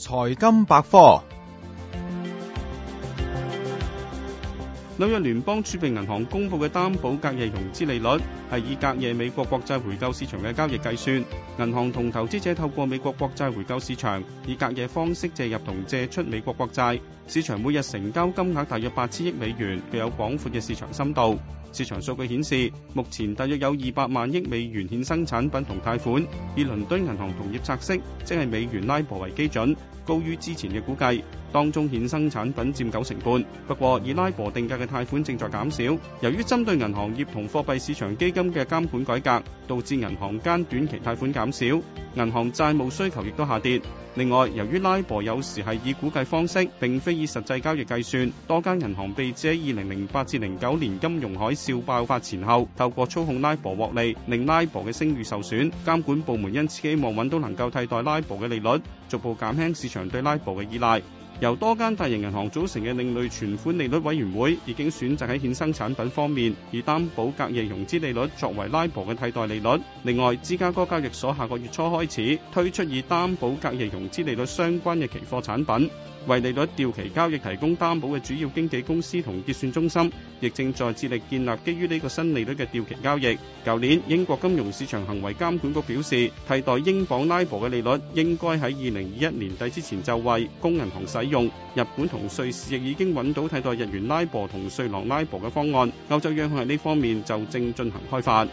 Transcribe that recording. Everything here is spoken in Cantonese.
財金百科。紐約聯邦儲備銀行公布嘅擔保隔夜融資利率係以隔夜美國國債回購市場嘅交易計算。銀行同投資者透過美國國債回購市場以隔夜方式借入同借出美國國債。市場每日成交金額大約八千億美元，具有廣闊嘅市場深度。市場數據顯示，目前大約有二百萬億美元衍生產品同貸款。以倫敦銀行同業拆息，即係美元拉博為基準，高於之前嘅估計。當中衍生產品佔九成半。不過以拉博定價嘅貸款正在減少，由於針對銀行業同貨幣市場基金嘅監管改革，導致銀行間短期貸款減少，銀行債務需求亦都下跌。另外，由於拉博有時係以估計方式，並非以實際交易計算，多間銀行被指喺2008至09年金融海嘯爆發前後，透過操控拉博獲利，令拉博嘅聲譽受損。監管部門因此希望揾到能夠替代拉博嘅利率，逐步減輕市場對拉博嘅依賴。由多間大型銀行組成嘅另類存款利率委員會已經選擇喺衍生產品方面以擔保隔夜融資利率作為拉博嘅替代利率。另外，芝加哥交易所下個月初開始推出以擔保隔夜融資利率相關嘅期貨產品，為利率掉期交易提供擔保嘅主要經紀公司同結算中心亦正在致力建立基於呢個新利率嘅掉期交易。舊年，英國金融市場行為監管局表示替代英鎊拉博嘅利率應該喺2021年底之前就位，供銀行使用。用日本同瑞士亦已經揾到替代日元拉博同瑞郎拉博嘅方案，歐洲央行喺呢方面就正進行開發。